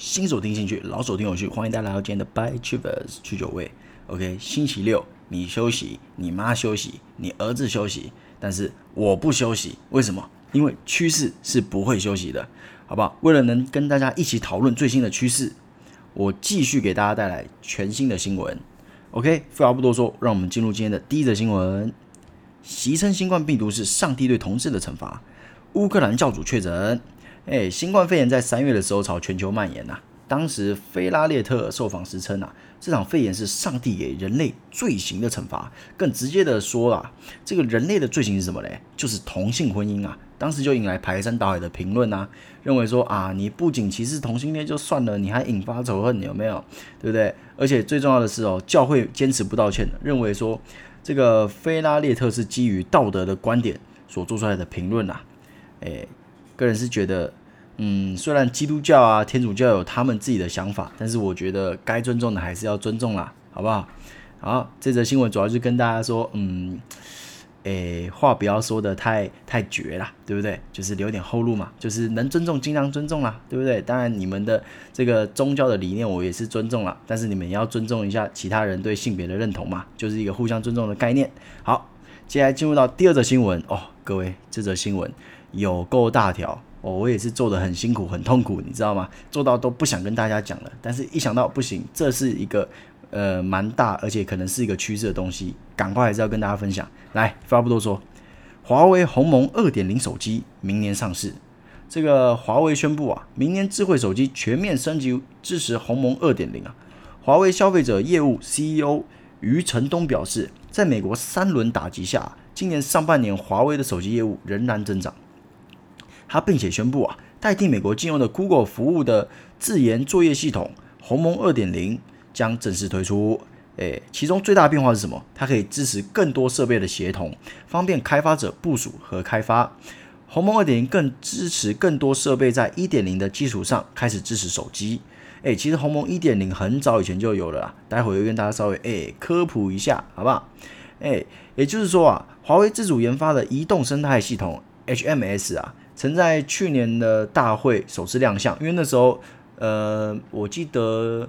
新手聽進去，老手聽有趣。歡迎大家來到今天的 By t r i v e r s 去酒位 OK，星期六你休息，你媽休息，你兒子休息，但是我不休息。為什麼？因為趨勢是不會休息的，好不好？為了能跟大家一起討論最新的趨勢，我繼續給大家帶來全新的新聞。OK，廢話不多說，讓我們進入今天的第一則新聞：宣稱新冠病毒是上帝對同志的懲罰。烏克蘭教主確診。誒新冠肺炎在三月的時候朝全球蔓延吶、啊。當時菲拉列特受訪時稱吶、啊，這場肺炎是上帝給人類罪行的懲罰。更直接的說、啊、這個人類的罪行是什麼嘞？就是同性婚姻啊。當時就引來排山倒海的評論吶、啊，認為說啊，你不僅歧視同性戀就算了，你還引發仇恨，有沒有？對不對？而且最重要的是哦，教會堅持不道歉的，認為說這個菲拉列特是基於道德的觀點所做出來的評論吶、啊。誒個人是覺得，嗯，雖然基督教啊、天主教有他們自己的想法，但是我覺得該尊重的還是要尊重啦，好不好？好，這則新聞主要是跟大家說，嗯，誒、欸，話不要說得太太絕啦，對不對？就是留點後路嘛，就是能尊重盡量尊重啦，對不對？當然你們的這個宗教的理念我也是尊重啦，但是你們也要尊重一下其他人對性別的認同嘛，就是一個互相尊重的概念。好，接下來進入到第二則新聞哦，各位，這則新聞，有夠大條哦，我也是做得很辛苦、很痛苦，你知道嗎？做到都不想跟大家講了。但是一想到不行，這是一個呃蠻大，而且可能是一個趨勢的東西，趕快還是要跟大家分享。來，廢話不多說，華為鴻蒙2.0手機明年上市。這個華為宣布啊，明年智慧手機全面升級支持鴻蒙2.0啊。華為消費者業務 CEO 余承東表示，在美國三輪打擊下，今年上半年華為的手機業務仍然增長。它並且宣布啊，代替美國禁用的 Google 服務的自研作業系統鴻蒙二點零將正式推出。誒、欸，其中最大的變化是什麼？它可以支持更多設備的協同，方便開發者部署和開發。鴻蒙二點零更支持更多設備在一點零的基礎上開始支持手機。誒、欸，其實鴻蒙一點零很早以前就有了啦，待會兒又跟大家稍微哎、欸、科普一下，好吧？哎、欸，也就是說啊，華為自主研發的移動生態系統 HMS 啊。曾在去年的大會首次亮相，因為那時候，呃，我記得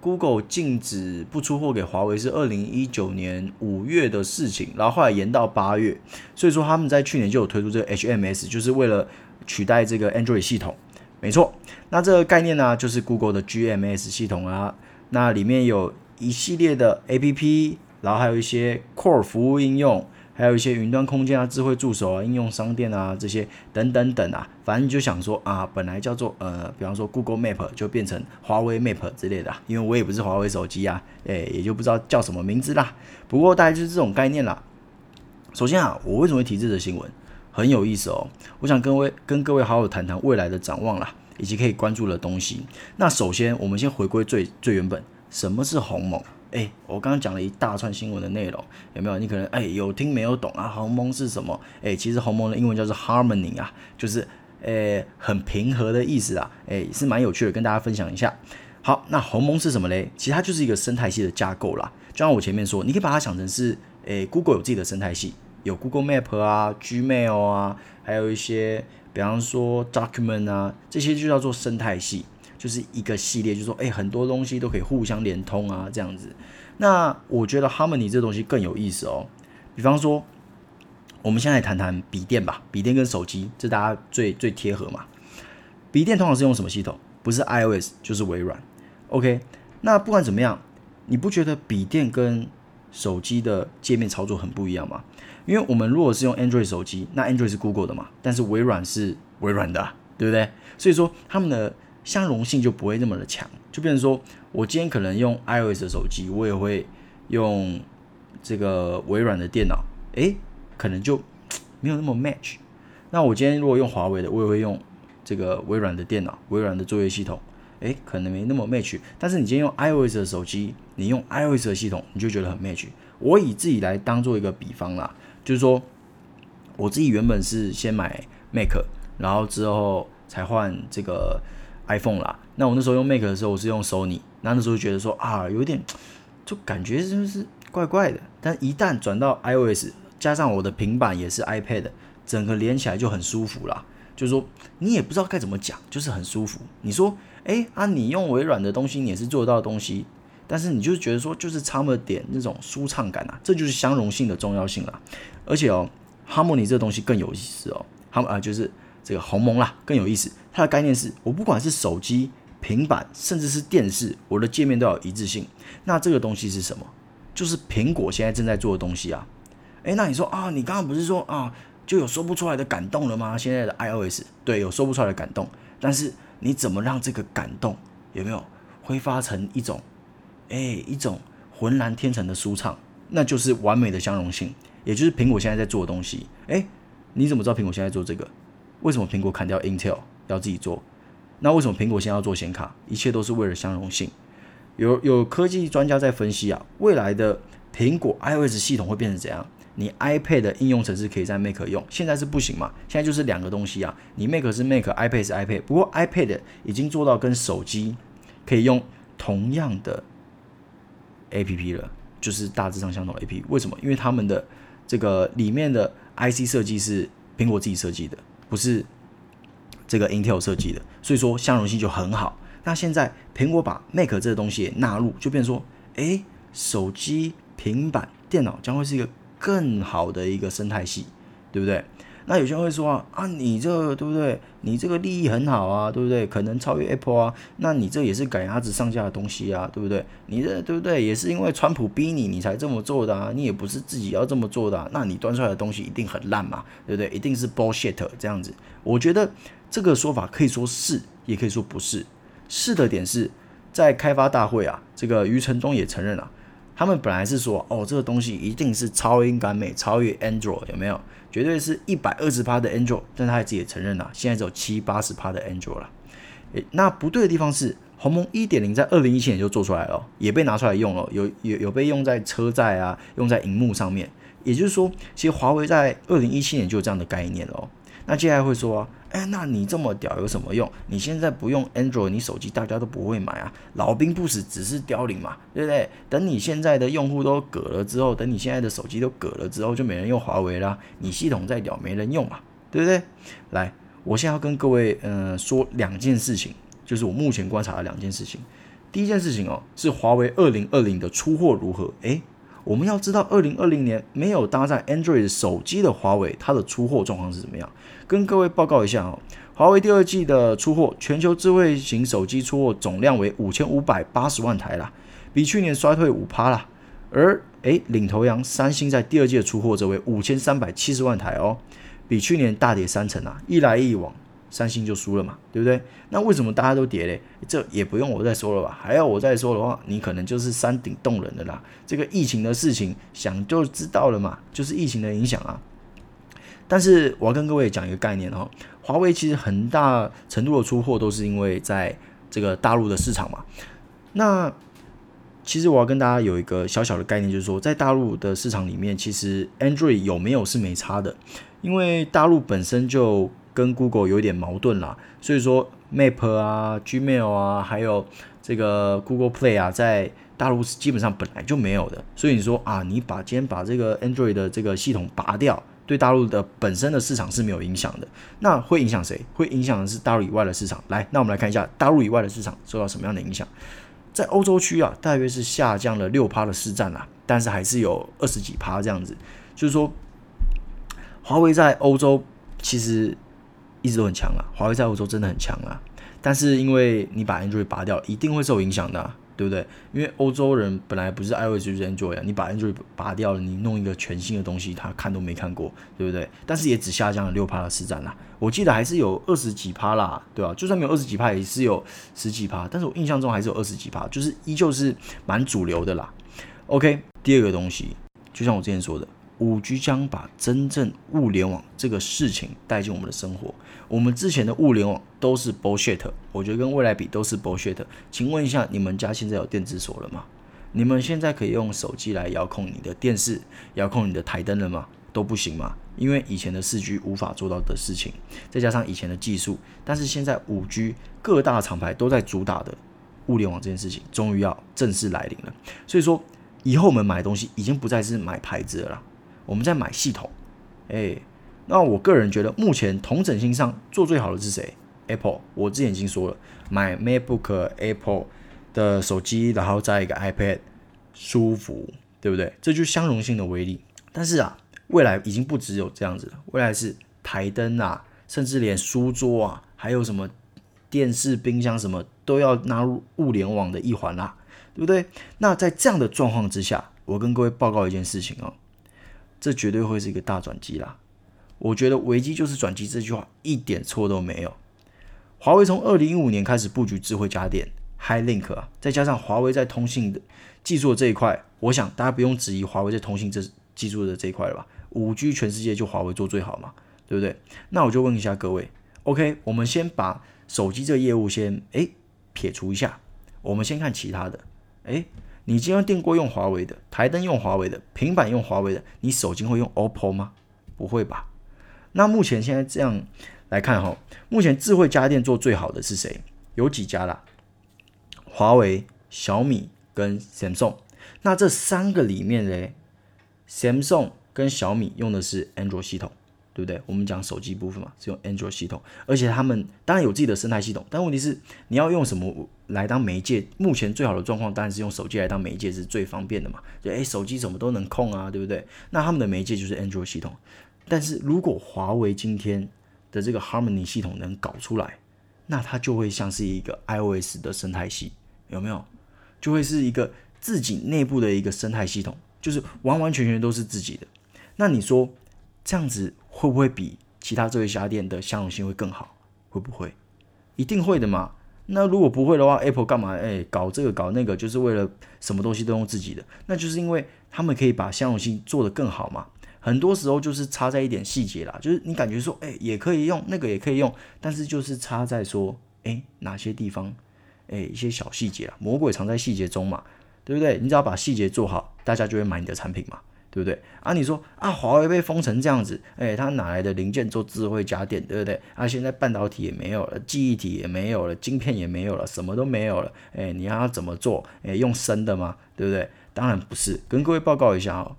Google 禁止不出貨給華為是二零一九年五月的事情，然後後來延到八月，所以說他們在去年就有推出這個 HMS，就是為了取代這個 Android 系統。沒錯，那這個概念呢，啊，就是 Google 的 GMS 系統啊，那裡面有一系列的 APP，然後還有一些 Core 服務應用。還有一些雲端空間啊、智慧助手啊、應用商店啊這些等等等啊，反正就想說啊，本來叫做呃，比方說 Google Map 就變成華為 Map 之類的，啊，因為我也不是華為手機啊，哎、欸，也就不知道叫什麼名字啦。不過大概就是這種概念啦。首先啊，我為什麼會提這則新聞？很有意思哦。我想跟微跟各位好友談談未來的展望啦，以及可以關注的東西。那首先，我們先回歸最最原本，什麼是鴻蒙？哎，我剛剛講了一大串新聞的內容，有沒有？你可能哎有聽沒有懂啊？鴻蒙是什麼？哎，其實鴻蒙的英文叫做 Harmony 啊，就是誒很平和的意思啊。哎，是蠻有趣的，跟大家分享一下。好，那鴻蒙是什麼嘞？其實它就是一個生態系的架構啦。就像我前面說，你可以把它想成是誒 Google 有自己的生態系，有 Google Map 啊，Gmail 啊，還有一些。比方說，document 啊，這些就叫做生態系，就是一個系列，就是說，哎，很多東西都可以互相連通啊，這樣子。那我覺得 Harmony 這東西更有意思哦。比方說，我們先來談談筆電吧，筆電跟手機這大家最最貼合嘛。筆電通常是用什麼系統？不是 iOS 就是微軟。OK，那不管怎麼樣，你不覺得筆電跟手機的界面操作很不一樣嘛，因為我們如果是用 Android 手機，那 Android 是 Google 的嘛，但是微軟是微軟的、啊，對不對？所以說它們的相容性就不會那麼的強，就變成說，我今天可能用 iOS 的手機，我也會用這個微軟的電腦，誒、欸，可能就沒有那麼 match。那我今天如果用華為的，我也會用這個微軟的電腦，微軟的作業系統。誒，可能沒那麼 match，但是你今天用 iOS 的手機，你用 iOS 的系統，你就覺得很 match。我以自己來當做一個比方啦，就是說我自己原本是先買 Mac，然後之後才換這個 iPhone 啦。那我那時候用 Mac 的時候，我是用 Sony，那那時候就覺得說啊，有點就感覺就是怪怪的。但一旦轉到 iOS，加上我的平板也是 iPad，整個連起來就很舒服啦。就是說，你也不知道該怎麼講，就是很舒服。你說，哎啊，你用微軟的東西，你也是做得到的東西，但是你就覺得說，就是差了點那種舒暢感啊，這就是相容性的重要性啦。而且哦，Harmony 這個東西更有意思哦，哈姆啊，就是這個鴻蒙啦更有意思。它的概念是我不管是手機、平板，甚至是電視，我的界面都要有一致性。那這個東西是什麼？就是蘋果現在正在做的東西啊。哎，那你說啊，你剛剛不是說啊？就有說不出來的感動了嗎？現在的 iOS 對，有說不出來的感動，但是你怎麼讓這個感動有沒有揮發成一種，哎、欸，一種渾然天成的舒暢？那就是完美的相容性，也就是蘋果現在在做的東西。哎、欸，你怎麼知道蘋果現在做這個？為什麼蘋果砍掉 Intel 要自己做？那為什麼蘋果現在要做顯卡？一切都是為了相容性。有有科技專家在分析啊，未來的蘋果 iOS 系統會變成怎樣？你 iPad 的應用程式可以在 Mac 用，現在是不行嘛？現在就是兩個東西啊，你 Mac 是 Mac，iPad 是 iPad。不過 iPad 已經做到跟手機可以用同樣的 APP 了，就是大致上相同的 APP。為什麼？因為他們的這個裡面的 IC 設計是蘋果自己設計的，不是這個 Intel 設計的，所以說相容性就很好。那現在蘋果把 Mac 這個東西納入，就變成說，哎，手機、平板、電腦將會是一個。更好的一個生態系，對不對？那有些人會說啊，啊你這對不對？你這個利益很好啊，對不對？可能超越 Apple 啊，那你這也是趕鴨子上架的東西啊，對不對？你這對不對？也是因為川普逼你，你才這麼做的啊，你也不是自己要這麼做的啊，那你端出來的東西一定很爛嘛，對不對？一定是 bullshit 這樣子。我覺得這個說法可以說是，也可以說不是。是的點是在開發大會啊，這個余承東也承認了啊。他們本來是說，哦，這個東西一定是超英趕美，超越 Android 有沒有？絕對是一百二十帕的 Android，但他自己也承認了，現在只有七八十帕的 Android 了。誒，那不對的地方是，鴻蒙一點零在二零一七年就做出來了，也被拿出來用了，有有有被用在車載啊，用在螢幕上面。也就是說，其實華為在二零一七年就有這樣的概念了。那接下來會說、啊，哎，那你這麼屌有什麼用？你現在不用 Android，你手機大家都不會買啊。老兵不死，只是凋零嘛，對不對？等你現在的用戶都割了之後，等你現在的手機都割了之後，就沒人用華為啦、啊。你系統再屌，沒人用嘛、啊，對不對？來，我現在要跟各位，嗯、呃，說兩件事情，就是我目前觀察的兩件事情。第一件事情哦，是華為二零二零的出貨如何？哎。我們要知道，二零二零年沒有搭載 Android 手機的華為，它的出貨狀況是怎麼樣？跟各位報告一下啊、哦，華為第二季的出貨，全球智慧型手機出貨總量為五千五百八十萬台啦，比去年衰退五趴啦。而，誒，領頭羊三星在第二季的出貨則為五千三百七十萬台哦，比去年大跌三成啊，一來一往。三星就輸了嘛，對不對？那為什麼大家都跌嘞？這也不用我再說了吧？還要我再說的話，你可能就是山頂洞人的啦。這個疫情的事情想就知道了嘛，就是疫情的影響啊。但是我要跟各位講一個概念哦，華為其實很大程度的出貨都是因為在這個大陸的市場嘛。那其實我要跟大家有一個小小的概念，就是說在大陸的市場裡面，其實 Android 有沒有是沒差的，因為大陸本身就。跟 Google 有一點矛盾啦，所以說 Map 啊，Gmail 啊，還有這個 Google Play 啊，在大陸是基本上本來就沒有的，所以你說啊，你把今天把這個 Android 的這個系統拔掉，對大陸的本身的市場是沒有影響的。那會影響誰？會影響的是大陸以外的市場。來，那我們來看一下大陸以外的市場受到什麼樣的影響。在歐洲區啊，大約是下降了六趴的市占啊，但是還是有二十幾趴這樣子。就是說，華為在歐洲其實。一直都很強啊，華為在歐洲真的很強啊。但是因為你把 Android 拔掉，一定會受影響的、啊，對不對？因為歐洲人本來不是 iOS 就是 Android，、啊、你把 Android 拔掉了，你弄一個全新的東西，他看都沒看過，對不對？但是也只下降了六趴的市占啦，我記得還是有二十幾趴啦，對啊，就算沒有二十幾趴也是有十幾趴，但是我印象中還是有二十幾趴，就是依舊是蠻主流的啦。OK，第二個東西，就像我之前說的。五 G 將把真正物聯網這個事情帶進我們的生活。我們之前的物聯網都是 bullshit，我覺得跟未來比都是 bullshit。請問一下，你們家現在有電子鎖了嗎？你們現在可以用手機來遙控你的電視、遙控你的檯燈了嗎？都不行嗎？因為以前的四 G 無法做到的事情，再加上以前的技術，但是現在五 G 各大廠牌都在主打的物聯網這件事情，終於要正式來臨了。所以說，以後我們買東西已經不再是買牌子了啦。我們在買系統，哎、欸，那我個人覺得，目前統整性上做最好的是誰？Apple。我之前已經說了，買 MacBook、Apple 的手機，然後再一個 iPad，舒服，對不對？這就是相容性的威力。但是啊，未來已經不只有這樣子了，未來是台燈啊，甚至連書桌啊，還有什麼電視、冰箱什麼，都要納入物聯網的一環啦、啊，對不對？那在這樣的狀況之下，我跟各位報告一件事情哦、啊。這絕對會是一個大轉機啦！我覺得危機就是轉機，這句話一點錯都沒有。華為從二零一五年開始布局智慧家電 HiLink 啊，再加上華為在通信的技術的這一塊，我想大家不用質疑華為在通信技術的這一塊了吧？五 G 全世界就華為做最好嘛，對不對？那我就問一下各位，OK，我們先把手機這個業務先誒撇除一下，我們先看其他的，哎。你今天訂過用華為的，台燈用華為的，平板用華為的，你手機會用 OPPO 嗎？不會吧？那目前現在這樣來看哈、哦，目前智慧家電做最好的是誰？有幾家啦？華為、小米跟 Samsung。那這三個裡面呢 Samsung 跟小米用的是 Android 系統，對不對？我們講手機部分嘛，是用 Android 系統，而且他們當然有自己的生態系統，但問題是你要用什麼？來當媒介，目前最好的狀況當然是用手機來當媒介是最方便的嘛，就哎手機什麼都能控啊，對不對？那他們的媒介就是 Android 系統，但是如果華為今天的這個 Harmony 系統能搞出來，那它就會像是一個 iOS 的生態系統，有沒有？就會是一個自己內部的一個生態系統，就是完完全全都是自己的。那你說這樣子會不會比其他這些家電的相容性會更好？會不會？一定會的嘛。那如果不會的話，Apple 幹嘛？哎、欸，搞這個搞那個，就是為了什麼東西都用自己的，那就是因為他們可以把相容性做得更好嘛。很多時候就是差在一點細節啦，就是你感覺說，哎、欸，也可以用，那個也可以用，但是就是差在說，哎、欸，哪些地方，哎、欸，一些小細節啊，魔鬼藏在細節中嘛，對不對？你只要把細節做好，大家就會買你的產品嘛。對不對？啊，你說啊，華為被封成這樣子，哎，他哪來的零件做智慧家電？對不對？啊，現在半導體也沒有了，記憶體也沒有了，晶片也沒有了，什麼都沒有了，哎，你讓他怎麼做？哎，用生的嗎？對不對？當然不是。跟各位報告一下哦，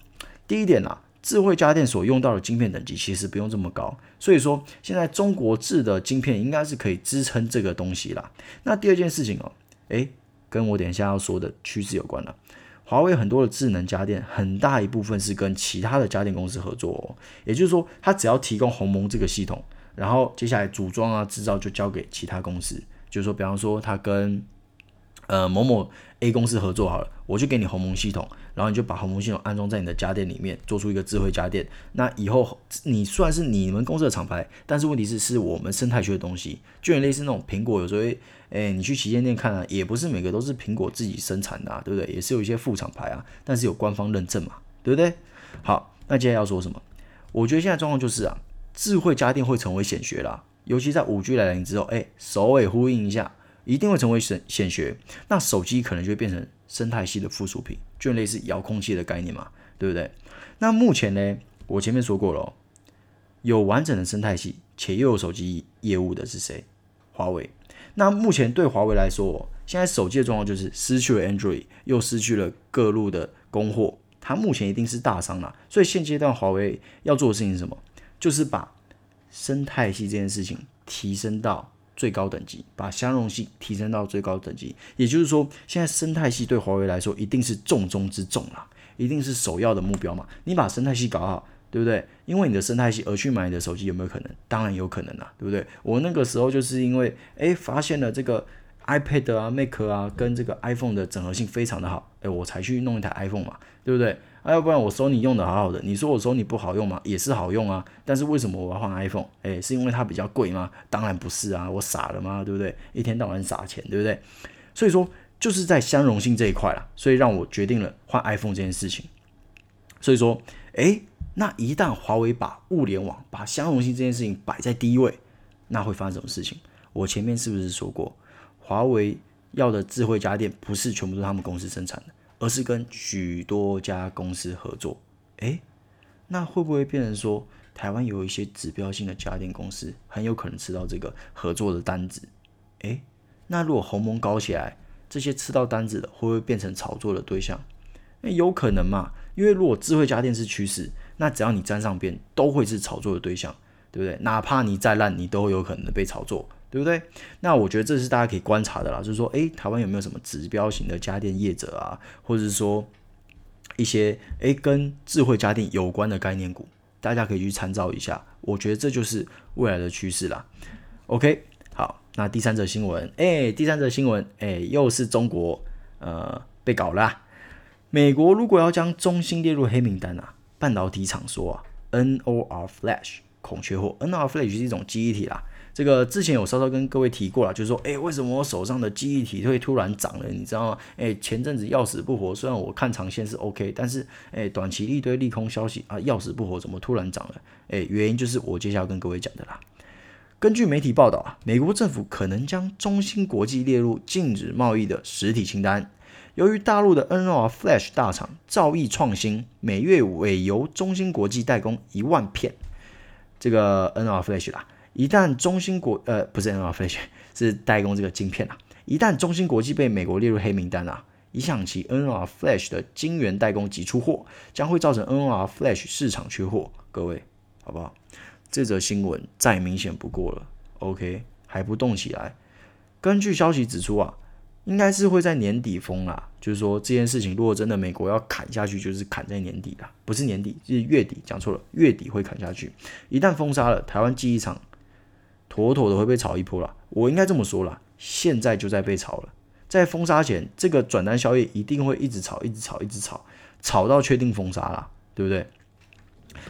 第一點啊，智慧家電所用到的晶片等級其實不用這麼高，所以說現在中國製的晶片應該是可以支撐這個東西啦。那第二件事情哦，哎，跟我等一下要說的趨勢有關了。華為很多的智能家電，很大一部分是跟其他的家電公司合作哦。也就是說，它只要提供鴻蒙這個系統，然後接下來組裝啊、製造就交給其他公司。就是說，比方說他，它跟呃某某 A 公司合作好了，我就給你鴻蒙系統，然後你就把鴻蒙系統安裝在你的家電裡面，做出一個智慧家電。那以後你雖然是你們公司的廠牌，但是問題是，是我們生態圈的東西，就有類似那種蘋果有時候。哎，你去旗艦店看啊，也不是每個都是蘋果自己生產的啊，對不對？也是有一些副廠牌啊，但是有官方認證嘛，對不對？好，那接下來要說什麼？我覺得現在狀況就是啊，智慧家電會成為顯學啦，尤其在五 G 來臨之後，哎，首尾呼應一下，一定會成為顯顯學。那手機可能就會變成生態系的附屬品，就類似遙控器的概念嘛，對不對？那目前呢，我前面說過了哦，有完整的生態系且又有手機業務的是誰？華為。那目前對華為來說，現在手機的狀況就是失去了 Android，又失去了各路的供貨，它目前一定是大傷了。所以現階段華為要做的事情是什麼？就是把生態系這件事情提升到最高等級，把相容性提升到最高等級。也就是說，現在生態系對華為來說一定是重中之重啦，一定是首要的目標嘛。你把生態系搞好。對不對？因為你的生態系而去買你的手機，有沒有可能？當然有可能啊，對不對？我那個時候就是因為誒，發現了這個 iPad 啊、Mac 啊跟這個 iPhone 的整合性非常的好，誒，我才去弄一台 iPhone 嘛，對不對？啊，要不然我 Sony 你用的好好的，你說我 Sony 你不好用嘛，也是好用啊，但是為什麼我要換 iPhone？誒，是因為它比較貴嗎？當然不是啊，我傻了嘛？對不對？一天到晚傻錢，對不對？所以說就是在相容性這一塊啦，所以讓我決定了換 iPhone 這件事情。所以說，誒。那一旦華為把物聯網、把相容性這件事情擺在第一位，那會發生什麼事情？我前面是不是說過，華為要的智慧家電不是全部都他們公司生產的，而是跟許多家公司合作？哎，那會不會變成說，台灣有一些指標性的家電公司很有可能吃到這個合作的單子？哎，那如果鴻蒙搞起來，這些吃到單子的會不會變成炒作的對象？那有可能嘛？因為如果智慧家電是趨勢。那只要你沾上邊，都會是炒作的對象，對不對？哪怕你再爛，你都有可能被炒作，對不對？那我覺得這是大家可以觀察的啦，就是說，誒台灣有沒有什麼指標型的家電業者啊，或者是說一些誒跟智慧家電有關的概念股，大家可以去參照一下。我覺得這就是未來的趨勢啦。OK，好，那第三則新聞，誒，第三則新聞，誒，又是中國，呃，被搞啦啊，美國如果要將中芯列入黑名單啊？半導體廠說啊，NOR Flash 孔雀貨，NOR Flash 是一種記憶體啦。這個之前有稍稍跟各位提過啦，就是說，哎、欸，為什麼我手上的記憶體會突然漲了？你知道嗎？哎、欸，前陣子要死不活，雖然我看長線是 OK，但是哎、欸，短期一堆利空消息啊，要死不活，怎麼突然漲了？哎、欸，原因就是我接下來要跟各位講的啦。根據媒體報道啊，美國政府可能將中芯國際列入禁止貿易的實體清單。由於大陸的 NOR Flash 大廠兆易創新，每月尾由中芯國際代工一萬片，這個 NOR Flash 啦，一旦中芯國，呃不是 NOR Flash，是代工這個晶片啊，一旦中芯國際被美國列入黑名單啊，影響其 NOR Flash 的晶圓代工及出貨，將會造成 NOR Flash 市場缺貨。各位好不好？這則新聞再明顯不過了。OK，還不動起來？根據消息指出啊。應該是會在年底封啦、啊，就是說這件事情如果真的美國要砍下去，就是砍在年底啦、啊，不是年底是月底，講錯了，月底會砍下去。一旦封殺了，台灣記憶廠妥妥的會被炒一波了。我應該這麼說啦，現在就在被炒了，在封殺前，這個轉單消息一定會一直炒，一直炒，一直炒，炒到確定封殺啦，對不對？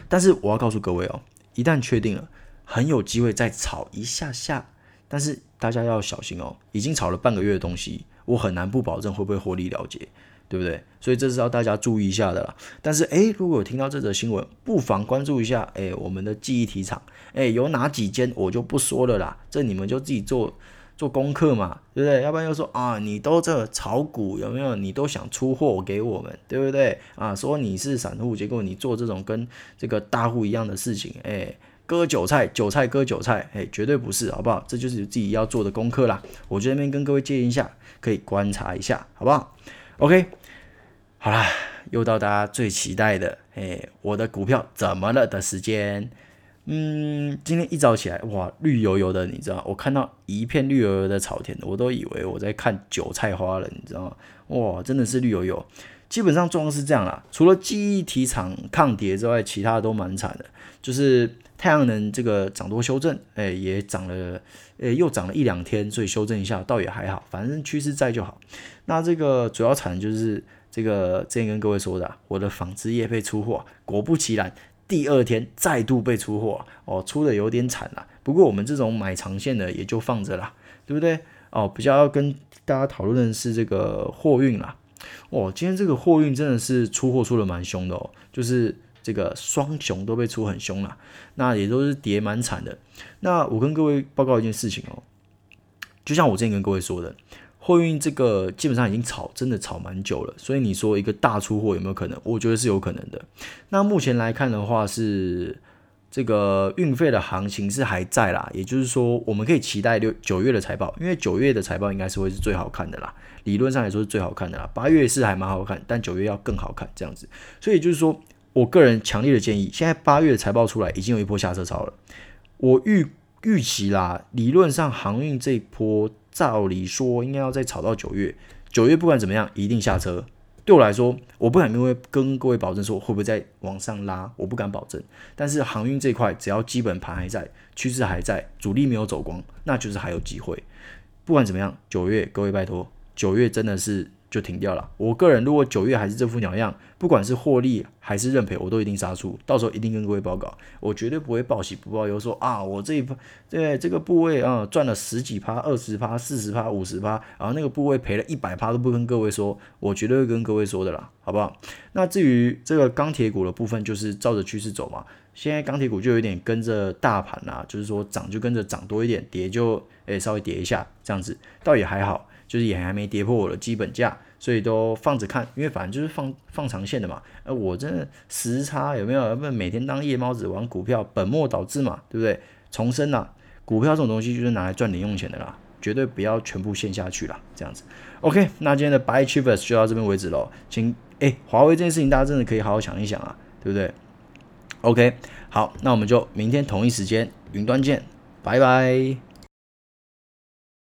但是我要告訴各位哦，一旦確定了，很有機會再炒一下下。但是大家要小心哦，已經炒了半個月的東西，我很難不保證會不會獲利了結，對不對？所以這是要大家注意一下的啦。但是誒，如果有聽到這則新聞，不妨關注一下誒，我們的記憶體廠，誒，有哪幾間我就不說了啦，這你們就自己做做功課嘛，對不對？要不然就說啊，你都這炒股有沒有？你都想出貨我給我們，對不對？啊，說你是散戶，結果你做這種跟這個大戶一樣的事情，誒。割韭菜，韭菜割韭菜，哎，絕對不是，好不好？這就是你自己要做的功課啦。我這邊跟各位建議一下，可以觀察一下，好不好？OK，好啦，又到大家最期待的，哎，我的股票怎麼了的時間？嗯，今天一早起來，哇，綠油油的，你知道，我看到一片綠油油的草田，我都以為我在看韭菜花了，你知道嗎？哇，真的是綠油油。基本上狀況是這樣啦，除了記憶體廠抗跌之外，其他都蠻慘的，就是。太陽能這個漲多修正，哎、欸，也漲了，哎、欸，又漲了一兩天，所以修正一下倒也還好，反正趨勢在就好。那這個主要慘的就是這個，之前跟各位說的，我的紡織業被出貨，果不其然，第二天再度被出貨，哦，出的有點慘了。不過我們這種買長線的也就放着啦，對不對？哦，比較要跟大家討論的是這個貨運啦，哦，今天這個貨運真的是出貨出的蠻兇的哦，就是。這個雙雄都被出很凶了，啊，那也都是跌蠻慘的。那我跟各位報告一件事情哦，就像我之前跟各位說的，貨運這個基本上已經炒，真的炒蠻久了。所以你說一個大出貨有沒有可能？我覺得是有可能的。那目前來看的話是，是這個運費的行情是還在啦，也就是說我們可以期待六九月的財報，因為九月的財報應該是會是最好看的啦。理論上來說是最好看的啦，八月是還蠻好看，但九月要更好看這樣子。所以就是說。我個人強烈的建議，現在八月財報出來，已經有一波下車潮了。我預預期啦，理論上航運這一波，照理說應該要再炒到九月。九月不管怎麼樣，一定下車。對我來說，我不敢明確跟各位保證說會不會再往上拉，我不敢保證。但是航運這一塊，只要基本盤還在，趨勢還在，主力沒有走光，那就是還有機會。不管怎麼樣，九月各位拜託，九月真的是。就停掉了。我個人如果九月還是這副鳥樣，不管是獲利還是認賠，我都一定殺出。到時候一定跟各位報告，我絕對不會報喜不報憂。說啊，我這一部對這個部位啊、嗯、賺了十幾趴、二十趴、四十趴、五十趴，然後那個部位賠了一百趴都不跟各位說，我絕對會跟各位說的啦，好不好？那至於這個鋼鐵股的部分，就是照着趨勢走嘛。現在鋼鐵股就有點跟着大盤啦、啊，就是說漲就跟着漲多一點，跌就誒、欸、稍微跌一下，這樣子倒也還好。就是也還沒跌破我的基本價，所以都放着看，因為反正就是放放長線的嘛。而我真的時差有沒有？不能每天當夜貓子玩股票，本末倒置嘛，對不對？重申吶、啊，股票這種東西就是拿來賺零用錢的啦，絕對不要全部陷下去啦。這樣子。OK，那今天的 Buy Traders 就到這邊為止嘍。請，誒，華為這件事情大家真的可以好好想一想啊，對不對？OK，好，那我們就明天同一時間雲端見，拜拜。